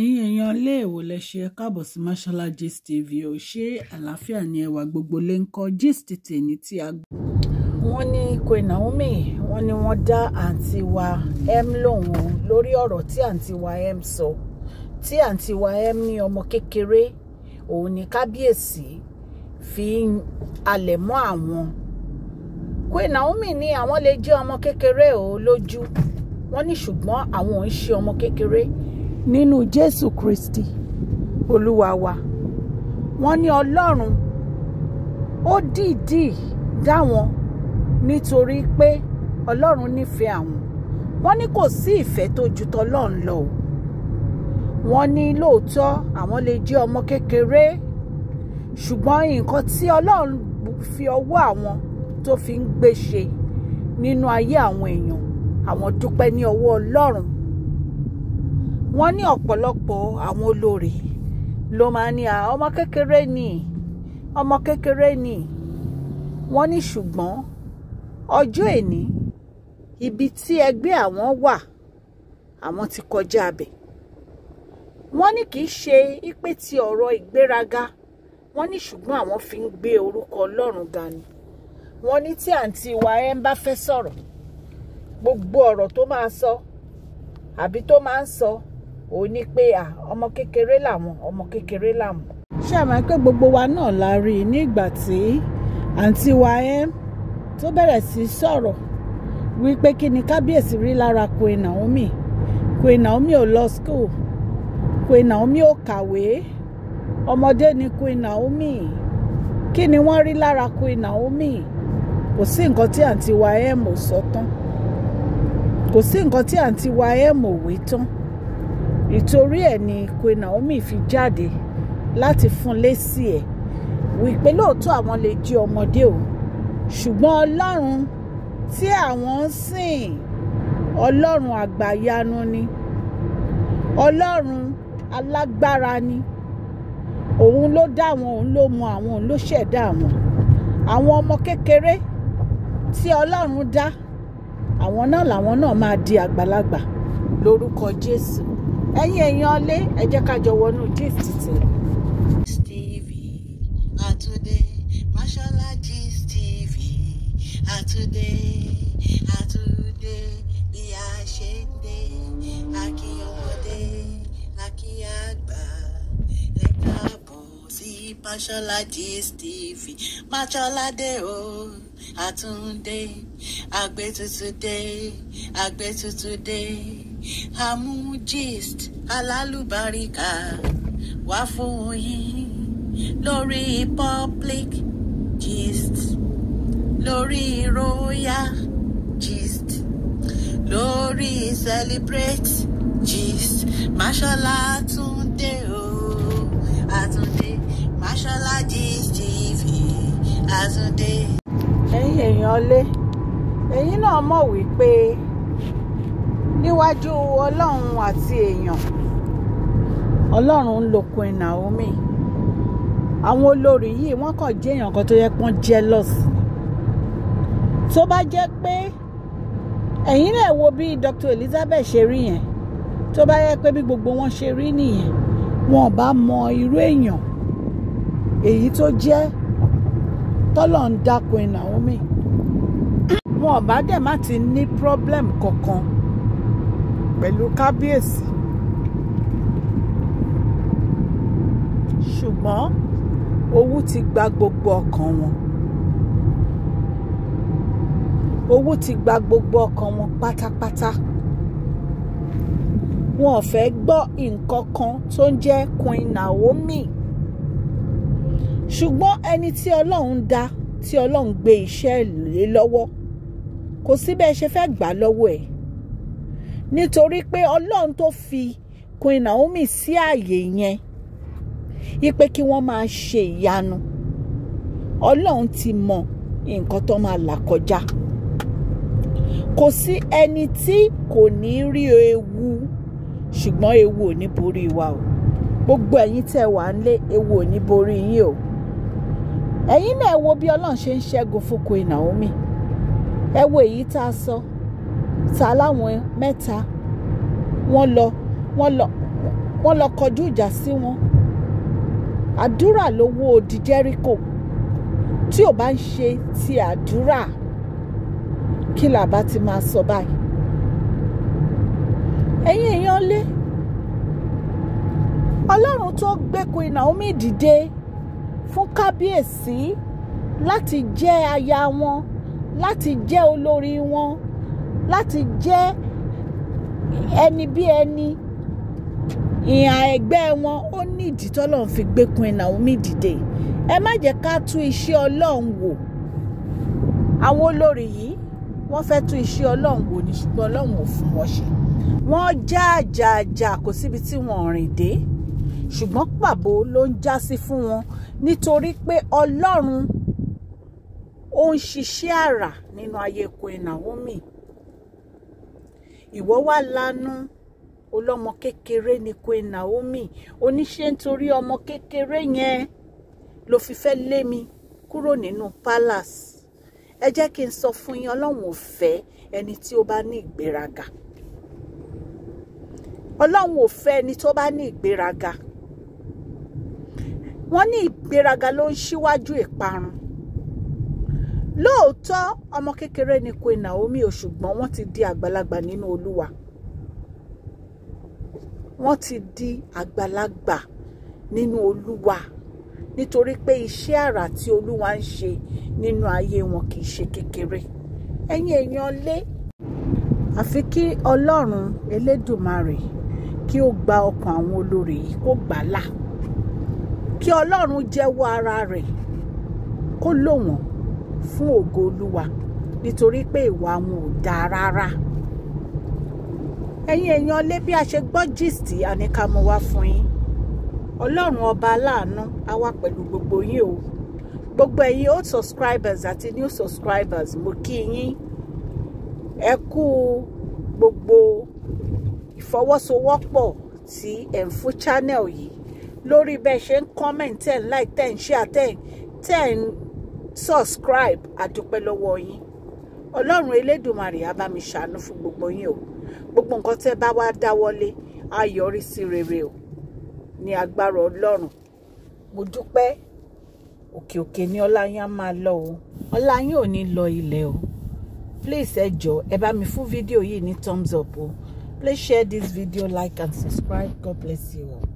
ẹ̀yin èèyàn ilé èwò lẹ ṣe ẹ káàbọ̀ sí Mashola Gist TV ò ṣe àlàáfíà ni ẹwà gbogbo lè ń kọ́ gist tèmi tí a. wọ́n ní Queen Naomi wọ́n ní wọ́n dá àǹtí wa m lòun lórí ọ̀rọ̀ tí àǹtí wa m sọ tí àǹtí wa m ní ọmọ kékeré òun ní kábíyèsí fi ń alẹ̀ mọ́ àwọn Queen Naomi ní àwọn lè jẹ́ ọmọ kékeré o lójú wọ́n ní ṣùgbọ́n àwọn ò ń ṣe ọmọ kékeré nínú jésù kristi olúwa wa wọ́n ní ọlọ́run ó dìídì dá wọn nítorí pé ọlọ́run nífẹ̀ẹ́ àwọn wọ́n ní kò sí ìfẹ́ tó ju tọlọ́run lọ o wọ́n ní lóòótọ́ àwọn lè jẹ́ ọmọ kékeré ṣùgbọ́n nǹkan tí ọlọ́run fi ọwọ́ àwọn tó fi ń gbé ṣe nínú ayé àwọn èèyàn àwọn dúpẹ́ ní ọwọ́ ọlọ́run wọ́n ní ọ̀pọ̀lọpọ̀ àwọn olórí ló máa ní à ọmọ kékeré ni ọmọ kékeré ni wọ́n ní ṣùgbọ́n ọjọ́ èní ibi tí ẹgbẹ́ àwọn wà àwọn ti kọjá abẹ̀ wọ́n ní kì í ṣe ìpè ti ọ̀rọ̀ ìgbéraga wọ́n ní ṣùgbọ́n àwọn fi ń gbé orúkọ Ọlọ́run ga ni wọ́n ní tí àǹtí wa ẹ ń bá fẹ́ sọ̀rọ̀ gbogbo ọ̀rọ̀ tó máa sọ àbí tó máa ń sọ. So ó ní pé ọmọ kékeré làwọn ọmọ kékeré làwọn. ṣé àmọ́ pé gbogbo wa náà la rí i nígbà tí anti wa m tó bẹ̀rẹ̀ sí sọ̀rọ̀ wípé kí ni kábíyèsí rí lára Queen Naomi Queen Naomi ò lọ school Queen Naomi ò kàwé ọmọdé ni Queen Naomi kí ni wọ́n rí lára Queen Naomi kò sí nǹkan tí àǹtí wa m ò sọ tán kò sí nǹkan tí àǹtí wa m ò wí tán. ìtorí ẹ̀ ni Queen Naomi fi jáde láti fún lésì ẹ̀ wípé lóòótọ́ àwọn lè jí ọmọdé o ṣùgbọ́n ọlọ́run tí àwọn ń sìn ọlọ́run àgbàyanu ni ọlọ́run alágbára ni òun ló dá wọn òun ló mọ àwọn òun ló ṣẹ̀dá àwọn àwọn ọmọ kékeré tí ọlọ́run dá àwọn náà làwọn náà máa di àgbàlagbà lórúkọ Jésù ẹ̀yin èèyàn lé ẹ jẹ́ ká jọ wọnú gist tì. Gist TV àtúndé Mashola Gist TV àtúndé àtúndé bí a ṣe ń dé àkí ọmọdé àkí àgbà ẹ káàbọ̀ sí Mashola Gist TV Mashola dé o àmú gist alálùbáríkà wá fún yín lórí public gist lórí royal gist lórí celebrate gist mashola túndé o àtúndé mashola gist tv àtúndé. ẹ̀yin èèyàn lé ẹ̀yin náà mọ̀ wípé níwájú ọlọ́run àti èèyàn ọlọ́run ń lo Queen Naomi àwọn olórí yìí wọ́n kàn jẹ́ èèyàn kan tó yẹ pọ́n jealous tó bá jẹ́ pé ẹ̀yin náà wo bí Dr. Elizabeth ṣe rí yẹn tó bá yẹ pé bí gbogbo wọn ṣe rí nìyẹn wọn bá mọ irú èèyàn èyí tó jẹ́ tọ́lọ̀ ń dá Naomi wọn bá dẹ̀ má ti ní problem kankan pẹ̀lú kábíyèsí ṣùgbọ́n owú ti gba gbogbo ọkàn wọn owú ti gba gbogbo ọkàn wọn pátápátá wọn ò fẹ́ gbọ́ nǹkan kan tó ń jẹ́ Queen Naomi ṣùgbọ́n ẹni tí Ọlọ́run dá tí Ọlọ́run gbé iṣẹ́ lé lọ́wọ́ kò sí ṣe fẹ́ gbà lọ́wọ́ ẹ̀ nítorí pé ọlọ́run tó fi Queen Naomi sí ààyè yẹn ipe kí wọ́n máa ṣe ìyanu ọlọ́run ti mọ nǹkan tó máa là kọjá kò sí ẹni tí kò ní rí ewu ṣùgbọ́n ewu ò ní borí wa o gbogbo ẹ̀yin tẹ́ wà ń lé ewu ò ní borí yín o ẹ̀yin náà wo bí ọlọ́run ṣe ń ṣẹ́gun fún Queen Naomi ẹ wo èyí tá a sọ. So sá láwọn mẹ́ta wọ́n lọ wọ́n lọ wọ́n lọ kọjú ìjà sí wọn àdúrà ló wó odi Jẹ́ríkò tí ò bá ń ṣe ti àdúrà kí làbá ti máa sọ báyìí ẹ̀yin èèyàn lé Ọlọ́run tó gbé Queen Naomi dìde fún kábíyèsí láti jẹ́ aya wọn láti jẹ́ olórí wọn láti jẹ́ ẹni bí ẹni ìhà ẹgbẹ́ wọn ó ní ìdí tọ́lọ́run fi gbé Queen Naomi dìde ẹ má jẹ́ ká tú iṣẹ́ ọlọ́run wò àwọn olórí yìí wọ́n fẹ́ tú iṣẹ́ ọlọ́run wò ní ṣùgbọ́n ọlọ́run ò fún wọn ṣe wọ́n já àjàjà kò síbi tí wọ́n rìn dé ṣùgbọ́n pàbó ló ń já sí fún wọn nítorí pé ọlọ́run ó ń ṣiṣẹ́ àrà nínú ayé Queen Naomi ìwọ wá lanu ọlọ́mọ kékeré ni Queen Naomi oníṣẹ́ nítorí ọmọ kékeré yẹn ló fi fẹ́ lé mi kúrò nínú palace ẹ jẹ́ kí n sọ fún yín ọlọ́run ò fẹ́ ẹni tí ó bá ní ìgbéraga ọlọ́run ò fẹ́ ẹni tó bá ní ìgbéraga wọ́n ní ìgbéraga ló ń ṣíwájú ìparun lóòótọ́ ọmọ kékeré ni Queen Naomi o ṣùgbọ́n wọ́n ti di àgbàlagbà nínú Olúwa wọ́n ti di àgbàlagbà nínú Olúwa nítorí pé iṣẹ́ àrà tí Olúwa ń ṣe nínú ayé wọn kì í ṣe kékeré ẹ̀yin èèyàn lé àfi kí Ọlọ́run Elédùmarè kí ó gba ọkàn àwọn olórí yìí kó gbà á là kí Ọlọ́run jẹ́wọ́ ara rẹ̀ kó lò wọ́n fún ògo olúwa nítorí pé ìwà wọn ò dáa rárá ẹ̀yin èèyàn lé bí a ṣe gbọ́ gist àníkàmú wá fún yín ọlọ́run ọba aláàánú á wà pẹ̀lú gbogbo yín o gbogbo ẹ̀yin old subscribers àti new subscribers mo kí yín ẹ kú gbogbo ìfọwọ́sowọ́pọ̀ tí ẹ̀ ń fún channel yìí lórí bẹ́ẹ̀ ṣe ń comment ten like ten share ten ten subscribe àdúpẹ́ lọ́wọ́ yín ọlọ́run elédùnmarè á bá mi ṣàánú fún gbogbo yín o gbogbo nǹkan tẹ́ bá wá dáwọ́lé á yọrí sí rere o ní agbára ọlọ́run mo dúpẹ́ òkè òkè ni ọlá á máa lọ o ọlá ò ní lọ ilẹ̀ o please ẹ jọ̀ọ́ ẹ bá mi fún fídíò yìí ní thumbs up o please share this video like and subscribe god bless you all.